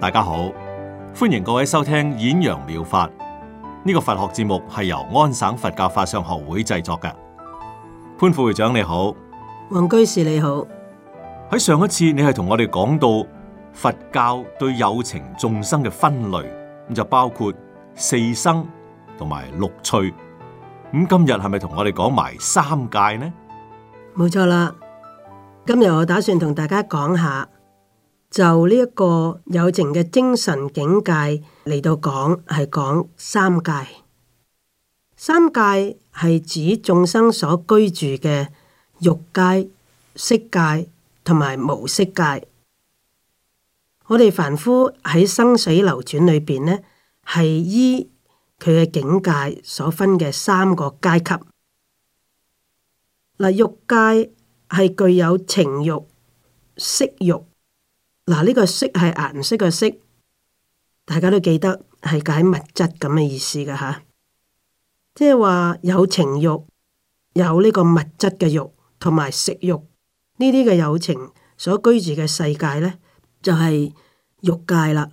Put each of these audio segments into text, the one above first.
大家好，歡迎各位收聽演揚妙法呢個佛學節目，係由安省佛教法相學會製作嘅。潘副會長你好，黃居士你好。喺上一次你係同我哋講到佛教對有情眾生嘅分類，咁就包括四生同埋六趣。咁今日係咪同我哋講埋三界呢？冇錯啦，今日我打算同大家講下。就呢一個有情嘅精神境界嚟到講，係講三界。三界係指眾生所居住嘅欲界、色界同埋無色界。我哋凡夫喺生死流轉裏邊呢，係依佢嘅境界所分嘅三個階級。嗱，欲界係具有情欲、色欲。嗱，呢個色係顏色嘅色，大家都記得係解物質咁嘅意思嘅吓、啊，即係話有情欲，有呢個物質嘅欲，同埋食欲呢啲嘅有情所居住嘅世界咧，就係欲界啦。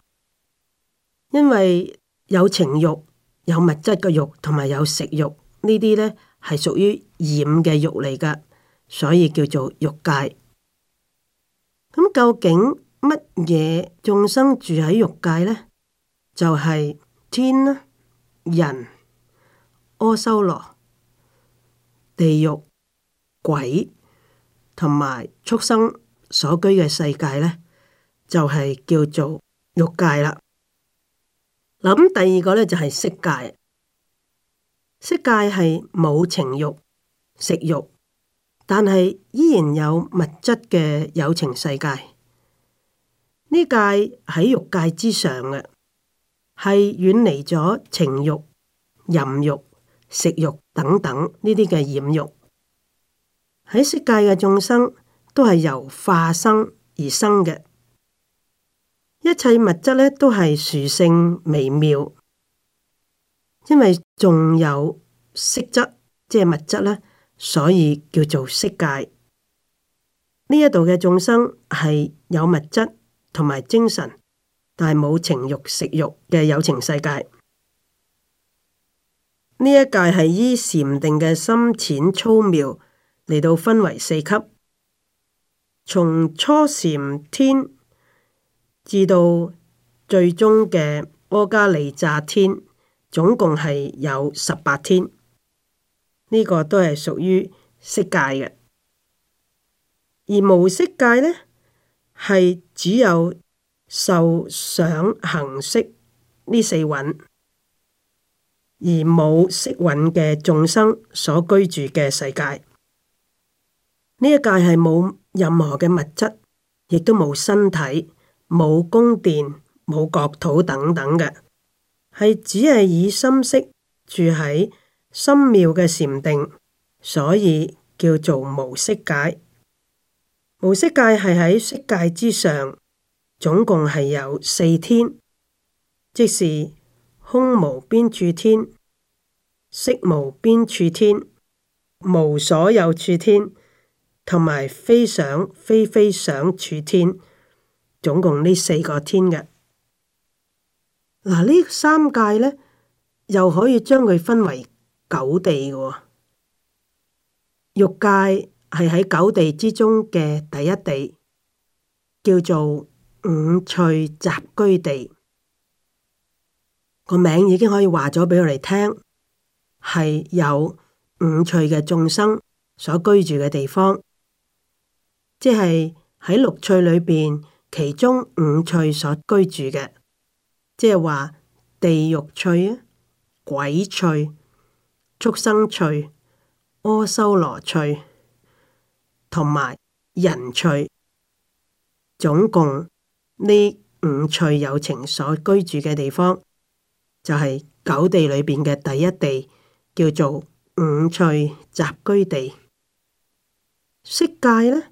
因為有情欲、有物質嘅欲，同埋有食欲呢啲咧，係屬於染嘅欲嚟㗎，所以叫做欲界。咁究竟乜嘢眾生住喺欲界呢？就係、是、天、人、阿修羅、地獄、鬼同埋畜生所居嘅世界呢，就係、是、叫做欲界啦。嗱，咁第二個呢，就係色界，色界係冇情欲、食欲，但係依然有物質嘅有情世界。呢界喺欲界之上嘅，係遠離咗情欲、淫欲、食欲等等呢啲嘅染欲。喺色界嘅眾生都係由化生而生嘅，一切物質咧都係殊勝微妙，因為仲有色質，即係物質啦，所以叫做色界。呢一度嘅眾生係有物質同埋精神，但係冇情欲、食欲嘅有情世界。呢一界係依禪定嘅深淺粗妙嚟到分為四級，從初禪天至到最終嘅阿迦尼吒天，總共係有十八天。呢、這個都係屬於色界嘅，而無色界呢？係只有受想行識呢四蘊，而冇色蘊嘅眾生所居住嘅世界，呢一界係冇任何嘅物質，亦都冇身體、冇宮殿、冇國土等等嘅，係只係以心識住喺深妙嘅禪定，所以叫做無色界。無色界係喺色界之上，總共係有四天，即是空無邊處天、色無邊處天、無所有處天同埋非想非非想處天，總共呢四個天嘅。嗱，呢三界呢，又可以將佢分為九地嘅喎，欲界係喺九地之中嘅第一地，叫做五趣雜居地。個名已經可以話咗俾我哋聽，係有五趣嘅眾生所居住嘅地方，即係喺六趣裏邊，其中五趣所居住嘅，即係話地獄趣啊、鬼趣、畜生趣、阿修羅趣。同埋人趣，總共呢五趣有情所居住嘅地方，就係九地裏邊嘅第一地，叫做五趣雜居地。色界呢，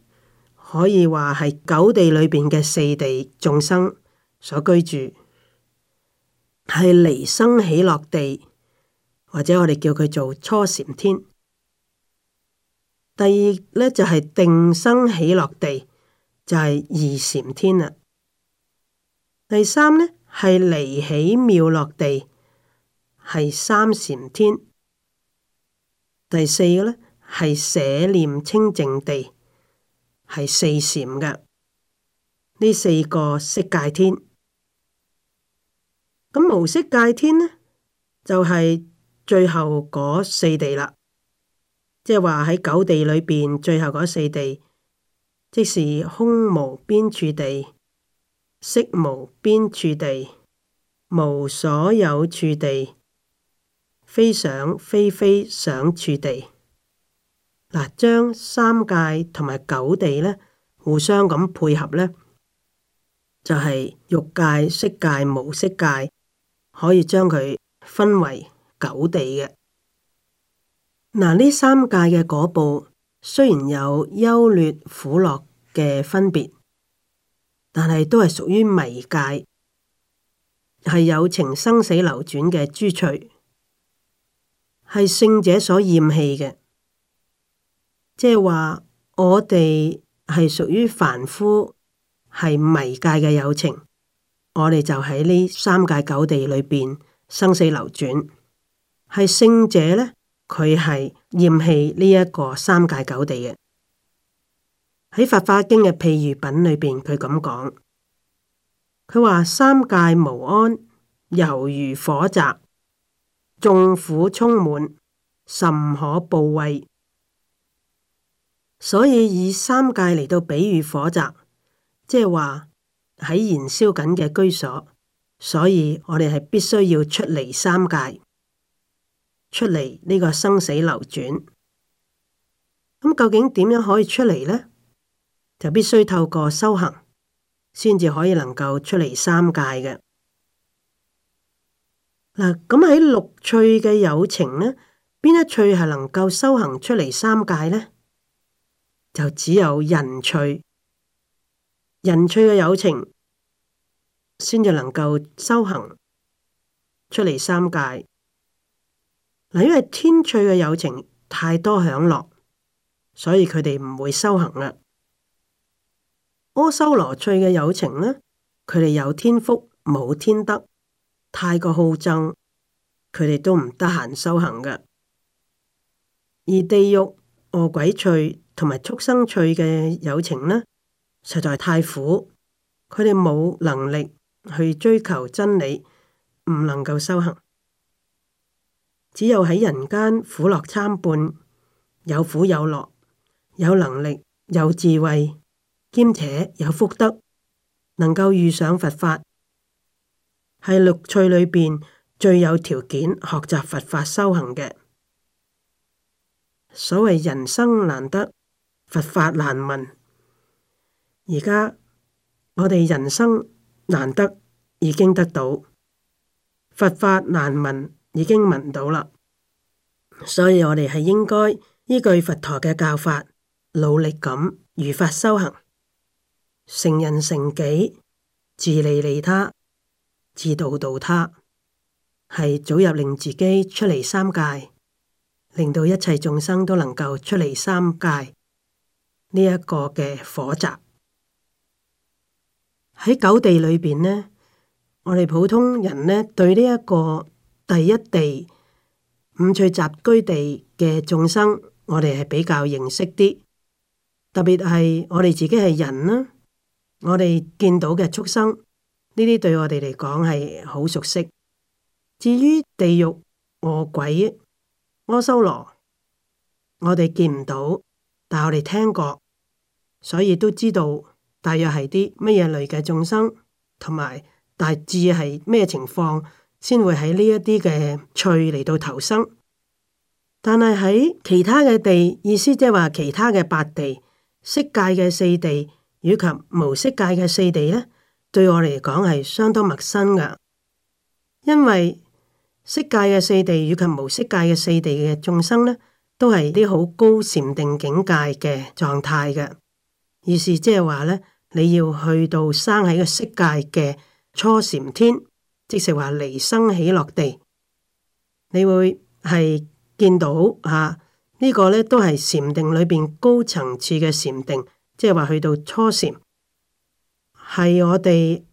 可以話係九地裏邊嘅四地眾生所居住，係離生喜樂地，或者我哋叫佢做初禪天。第二呢就係定生喜樂地，就係、是、二禪天啦。第三呢係離喜妙樂地，係三禪天。第四呢係捨念清淨地，係四禪㗎。呢四個色界天。咁無色界天呢，就係、是、最後嗰四地啦。即係話喺九地裏邊，最後嗰四地，即是空無邊處地、色無邊處地、無所有處地、非想非非想處地。嗱，將三界同埋九地咧互相咁配合咧，就係欲界、色界、無色界，可以將佢分為九地嘅。嗱，呢三界嘅果報雖然有優劣苦樂嘅分別，但係都係屬於迷界，係有情生死流轉嘅住處，係聖者所厭棄嘅。即係話我哋係屬於凡夫，係迷界嘅有情，我哋就喺呢三界九地裏邊生死流轉，係聖者呢？佢係厭棄呢一個三界九地嘅，喺《法華經》嘅譬喻品裏邊，佢咁講，佢話，三界無安，猶如火宅，眾苦充滿，甚可怖畏。所以以三界嚟到比喻火宅，即係話喺燃燒緊嘅居所，所以我哋係必須要出離三界。.出嚟呢個生死流轉，咁究竟點樣可以出嚟呢？就必須透過修行，先至可以能夠出嚟三界嘅。嗱，咁喺六趣嘅有情呢，邊一趣係能夠修行出嚟三界呢？就只有人趣，人趣嘅有情先至能夠修行出嚟三界。因為天趣嘅有情太多享樂，所以佢哋唔會修行啦。阿修羅趣嘅有情呢，佢哋有天福冇天德，太過好憎，佢哋都唔得閒修行㗎。而地獄餓鬼趣同埋畜生趣嘅有情呢，實在太苦，佢哋冇能力去追求真理，唔能夠修行。只有喺人間苦樂參半，有苦有樂，有能力、有智慧，兼且有福德，能夠遇上佛法，係六趣裏邊最有條件學習佛法修行嘅。所謂人生難得，佛法難聞。而家我哋人生難得已經得到，佛法難聞。已經聞到啦，所以我哋係應該依據佛陀嘅教法，努力咁如法修行，成人成己，自利利他，自度度他，係早日令自己出嚟三界，令到一切眾生都能夠出嚟三界呢一、這個嘅火宅。喺九地裏邊呢，我哋普通人呢對呢、這、一個。第一地五趣雜居地嘅眾生，我哋係比較認識啲，特別係我哋自己係人啦，我哋見到嘅畜生呢啲對我哋嚟講係好熟悉。至於地獄惡鬼阿修羅，我哋見唔到，但我哋聽過，所以都知道大約係啲乜嘢類嘅眾生，同埋大致係咩情況。先會喺呢一啲嘅趣嚟到投生，但係喺其他嘅地，意思即係話其他嘅八地，色界嘅四地以及無色界嘅四地咧，對我嚟講係相當陌生噶，因為色界嘅四地以及無色界嘅四地嘅眾生咧，都係啲好高禪定境界嘅狀態嘅，意思即係話咧，你要去到生喺個色界嘅初禪天。即是話離生喜樂地，你會係見到吓、啊這個、呢個咧，都係禪定裏邊高層次嘅禪定，即係話去到初禪，係我哋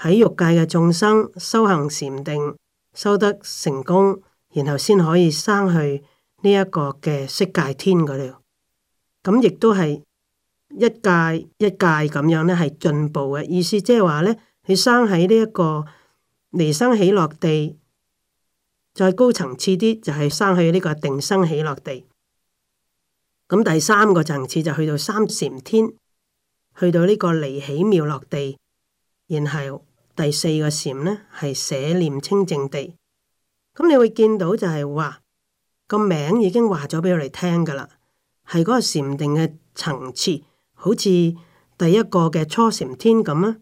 喺欲界嘅眾生修行禪定修得成功，然後先可以生去呢一個嘅色界天嗰度。咁亦都係一界一界咁樣咧，係進步嘅意思，即係話咧，你生喺呢一個。離生喜樂地，再高層次啲就係生去呢個定生喜樂地，咁第三個層次就去到三禪天，去到呢個離喜妙樂地，然後第四個禪呢係捨念清淨地，咁你會見到就係話個名已經話咗俾我哋聽噶啦，係嗰個禪定嘅層次，好似第一個嘅初禪天咁啊。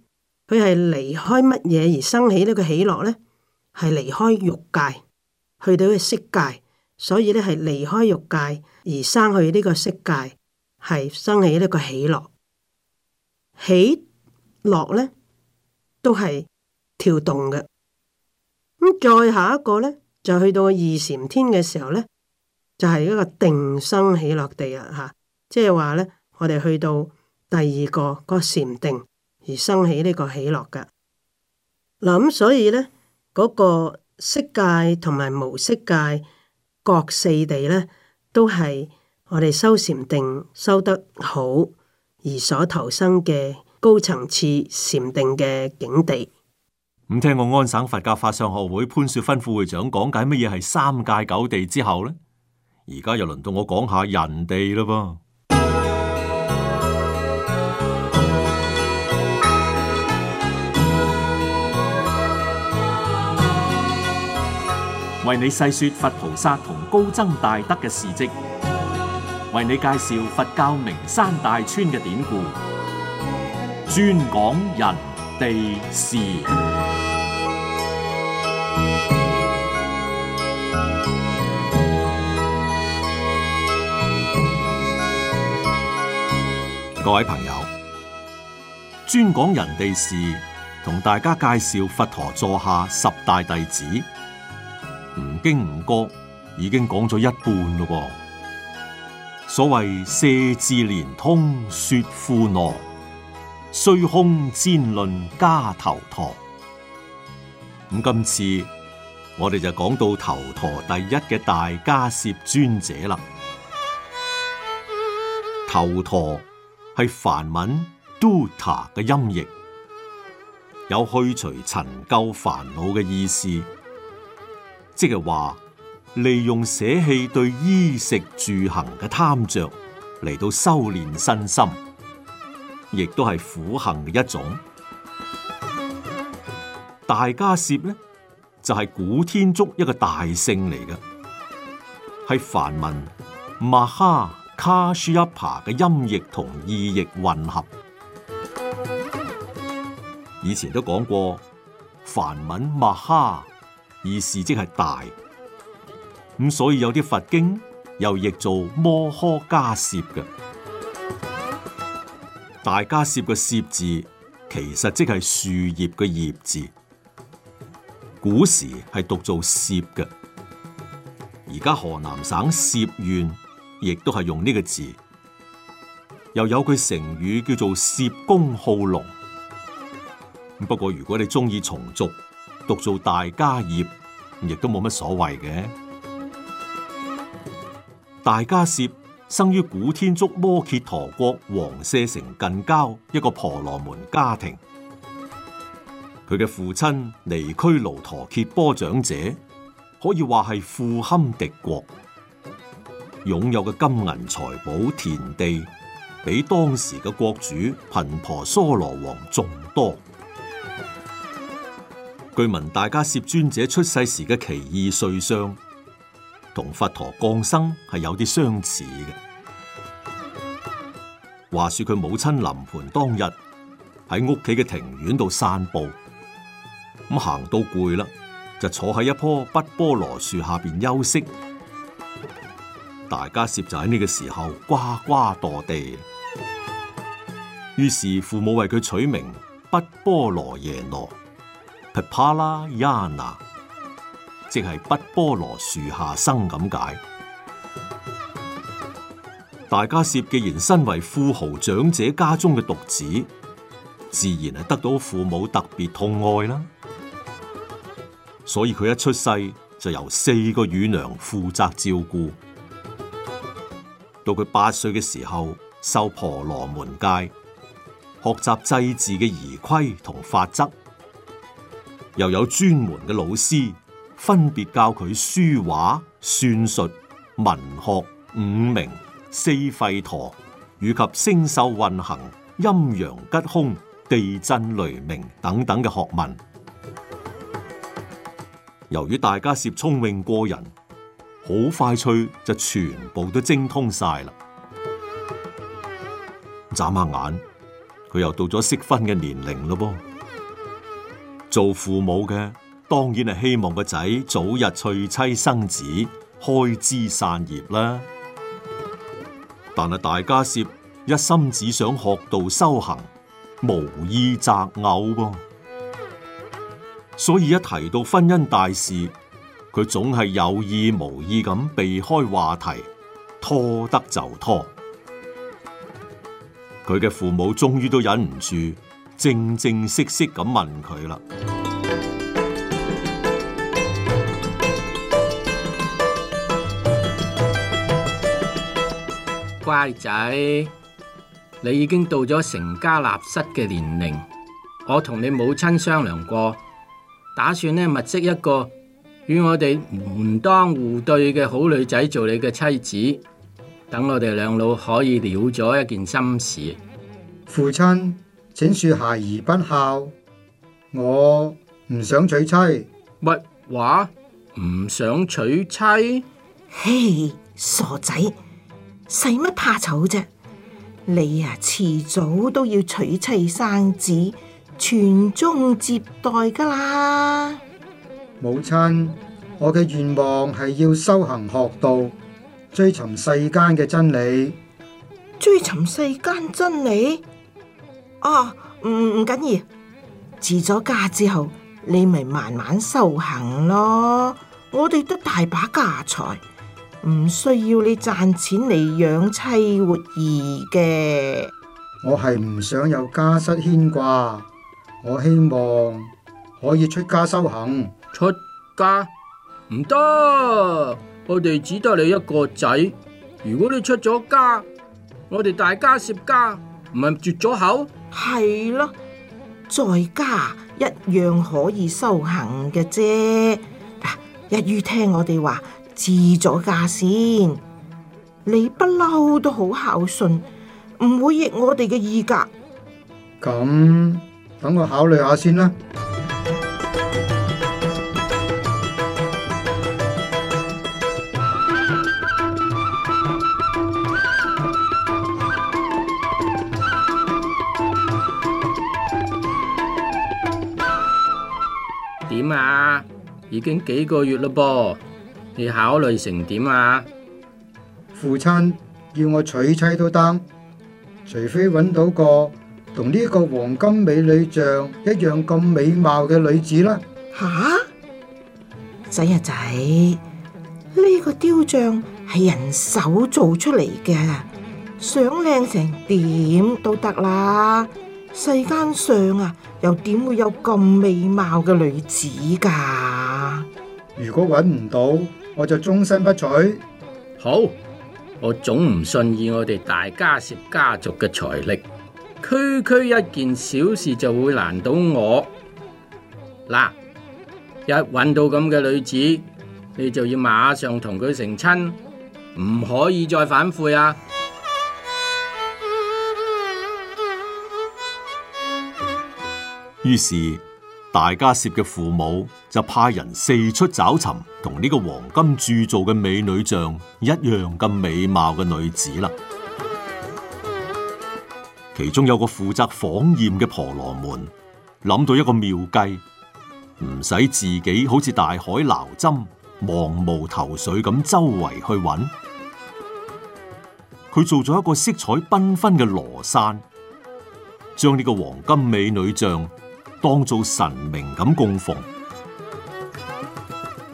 佢係離開乜嘢而生起呢個喜樂咧？係離開欲界去到個色界，所以咧係離開欲界而生去呢個色界，係生起呢個喜樂。喜樂咧都係跳動嘅。咁再下一個咧，就去到二禪天嘅時候咧，就係一個定生喜樂地啦嚇。即係話咧，我哋去到第二個個禪定。而生起呢個喜樂噶嗱。咁，所以呢，嗰個色界同埋無色界各四地呢，都係我哋修禪定修得好而所投生嘅高層次禪定嘅境地。咁聽我安省佛教法相學會潘雪芬副會長講解乜嘢係三界九地之後呢，而家又輪到我講下人地咯。噃。為你細說佛菩薩同高僧大德嘅事蹟，為你介紹佛教名山大川嘅典故，專講人地事。各位朋友，專講人地事，同大家介紹佛陀座下十大弟子。唔經唔覺已經講咗一半咯，所謂舍智連通說富羅，須空旃論迦頭陀。咁今次我哋就講到頭陀第一嘅大迦葉尊者啦。頭陀係梵文 duta 嘅音譯，有去除塵垢煩惱嘅意思。即係話，利用捨棄對衣食住行嘅貪著嚟到修煉身心，亦都係苦行嘅一種。大迦葉呢，就係、是、古天竺一個大姓嚟嘅，係梵文嘛哈卡舒一爬嘅音譯同意譯混合。以前都講過，梵文嘛哈。意思即係大，咁所以有啲佛經又譯做摩訶迦葉嘅。大迦葉嘅葉字，其實即係樹葉嘅葉字。古時係讀做涉嘅，而家河南省葉縣亦都係用呢個字。又有句成語叫做葉公好龍。咁不過如果你中意重族。讀做大家業，亦都冇乜所謂嘅。大家攝生於古天竺摩羯陀國王舍城近郊一個婆羅門家庭，佢嘅父親尼俱盧陀羯波長者，可以話係富堪敵國，擁有嘅金銀財寶、田地，比當時嘅國主頻婆娑羅王仲多。據聞大迦葉尊者出世時嘅奇異瑞相，同佛陀降生係有啲相似嘅。話說佢母親臨盆當日，喺屋企嘅庭院度散步，咁行到攰啦，就坐喺一棵畢鉢羅樹下邊休息。大迦葉就喺呢個時候呱呱墮地，於是父母為佢取名畢鉢羅耶羅。帕拉雅納，ana，即係畢缽羅樹下生咁解。大迦葉既然身為富豪長者家中嘅獨子，自然係得到父母特別痛愛啦。所以佢一出世就由四個乳娘負責照顧。到佢八歲嘅時候，受婆羅門戒，學習祭祀嘅儀規同法則。又有專門嘅老師，分別教佢書畫、算術、文學、五明、四吠陀，以及星宿運行、陰陽吉凶、地震雷鳴等等嘅學問。 由於大迦葉聰明過人，好快脆就全部都精通晒啦。眨下眼，佢又到咗適婚嘅年齡咯噃。做父母嘅當然係希望個仔早日娶妻生子，開枝散葉啦。但係大迦葉一心只想學道修行，無意擇偶噃。所以一提到婚姻大事，佢總係有意無意咁避開話題，拖得就拖。佢嘅父母終於都忍唔住。正正式式咁問佢啦。乖仔，你已經到咗成家立室嘅年齡，我同你母親商量過，打算呢，物色一個與我哋門當戶對嘅好女仔做你嘅妻子，等我哋兩老可以了咗一件心事。父親。請恕孩兒不孝，我唔想娶妻。乜話唔想娶妻？嘿，傻仔，使乜怕醜啫？你啊，遲早都要娶妻生子，傳宗接代噶啦。母親，我嘅願望係要修行學道，追尋世間嘅真理。追尋世間真理。啊，唔唔緊要，自咗家之後，你咪慢慢修行咯。我哋得大把家財，唔需要你賺錢嚟養妻活兒嘅我係唔想有家室牽掛，我希望可以出家修行。出家唔得，我哋只得你一個仔。如果你出咗家，我哋大迦葉家，唔係絕咗口。係咯，在家一樣可以修行嘅啫。嗱、啊，一於聽我哋話，自咗嫁先。你不嬲都好孝順，唔會逆我哋嘅意格。咁，等我考慮下先啦。已經幾個月嘞噃，你考慮成點啊？父親，要我娶妻都得，除非揾到個同呢個黃金美女像一樣咁美貌嘅女子啦。吓、啊，仔啊仔，呢、這個雕像係人手做出嚟嘅，想靚成點都得啦。世間上啊，又點會有咁美貌嘅女子㗎？如果揾唔到，我就終身不娶。好，我總唔信以我哋大迦葉家族嘅財力，區區一件小事就會難到我。嗱，一揾到咁嘅女子，你就要馬上同佢成親，唔可以再反悔啊！於是大迦葉嘅父母就派人四出找尋同呢個黃金鑄造嘅美女像一樣咁美貌嘅女子啦。其中有個負責訪驗嘅婆羅門諗到一個妙計，唔使自己好似大海撈針、茫無頭緒咁周圍去揾，佢做咗一個色彩繽紛嘅羅山，將呢個黃金美女像當做神明咁供奉，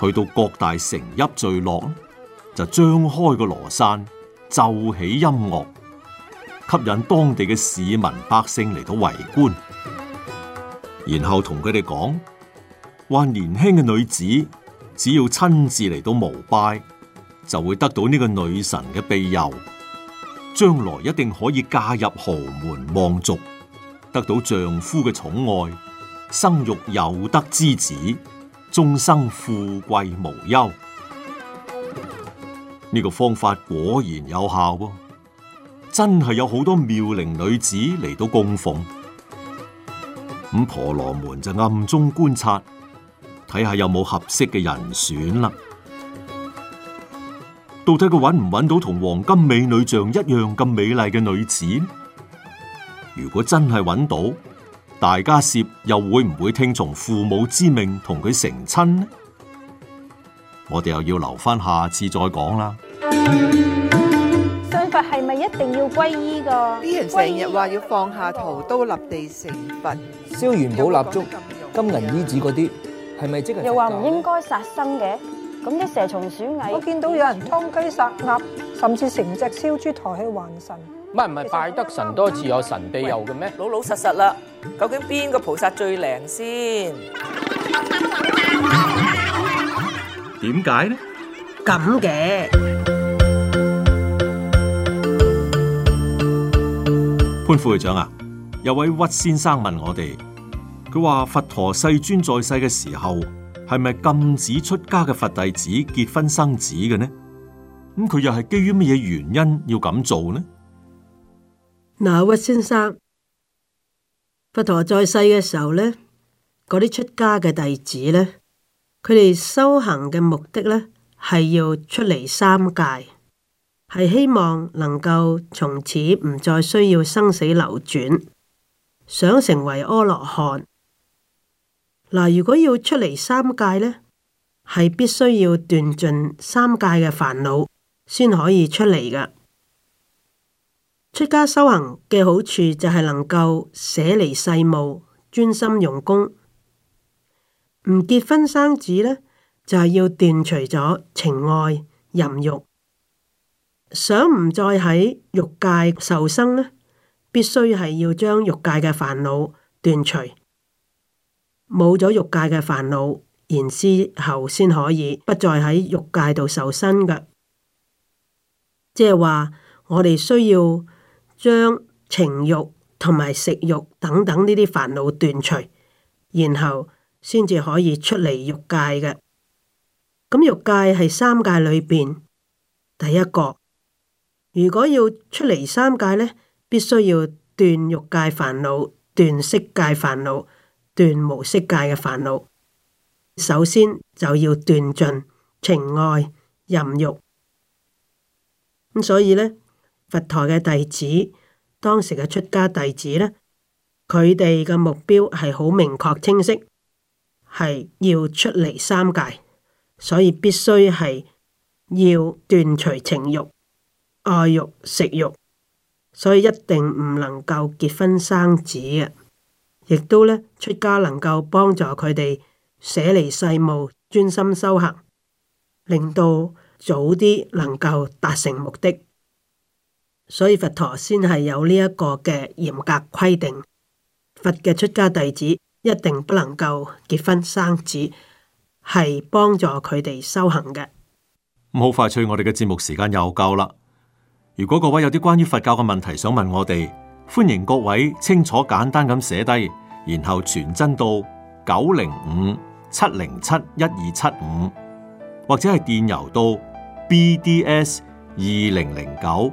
去到各大城邑聚落，就張開個羅山，奏起音樂，吸引當地嘅市民百姓嚟到圍觀，然後同佢哋講：話年輕嘅女子只要親自嚟到膜拜，就會得到呢個女神嘅庇佑，將來一定可以嫁入豪門望族，得到丈夫嘅寵愛。生育有德之子，終生富貴無憂。呢、這個方法果然有效、哦，真係有好多妙齡女子嚟到供奉。咁、嗯、婆羅門就暗中觀察，睇下有冇合適嘅人選啦。到底佢搵唔搵到同黃金美女像一樣咁美麗嘅女子？如果真係搵到，大家迦葉又會唔會聽從父母之命同佢成親呢？我哋又要留翻下，下次再講啦。信佛係咪一定要皈依噶？啲人成日話要放下屠刀立地成佛，燒元寶蠟燭、金銀衣紙嗰啲，係咪、嗯、即係？又話唔應該殺生嘅，咁啲蛇蟲鼠蟻，我見到有人劏雞殺鴨，甚至成隻燒豬抬去還神。乜唔係，拜得神多自有神庇佑嘅咩？老老實實啦，究竟邊個菩薩最靈先？點解呢？咁嘅潘副會長啊，有位屈先生問我哋，佢話佛陀世尊在世嘅時候，係咪禁止出家嘅佛弟子結婚生子嘅呢？咁佢又係基於乜嘢原因要咁做呢？嗱，屈先生，佛陀在世嘅時候呢，嗰啲出家嘅弟子呢，佢哋修行嘅目的呢，係要出離三界，係希望能夠從此唔再需要生死流轉，想成為阿羅漢。嗱，如果要出離三界呢，係必須要斷盡三界嘅煩惱，先可以出嚟㗎。出家修行嘅好處就係能夠捨離世務，專心用功。唔結婚生子呢，就係要斷除咗情愛淫欲，想唔再喺欲界受生呢，必須係要將欲界嘅煩惱斷除，冇咗欲界嘅煩惱，然之後先可以不再喺欲界度受生嘅。即係話我哋需要。將情欲同埋食慾等等呢啲煩惱斷除，然後先至可以出嚟欲界嘅。咁欲界係三界裏邊第一個。如果要出嚟三界呢，必須要斷欲界煩惱、斷色界煩惱、斷無色界嘅煩惱。首先就要斷盡情愛、淫欲。咁所以呢。佛陀嘅弟子，當時嘅出家弟子呢，佢哋嘅目標係好明確清晰，係要出離三界，所以必須係要斷除情欲、愛欲、食欲，所以一定唔能夠結婚生子啊！亦都呢出家能夠幫助佢哋捨離世務，專心修行，令到早啲能夠達成目的。所以佛陀先係有呢一個嘅嚴格規定，佛嘅出家弟子一定不能夠結婚生子，係幫助佢哋修行嘅。咁好快脆，我哋嘅節目時間又夠啦。如果各位有啲關於佛教嘅問題想問我哋，歡迎各位清楚簡單咁寫低，然後傳真到九零五七零七一二七五，75，或者係電郵到 bds 二零零九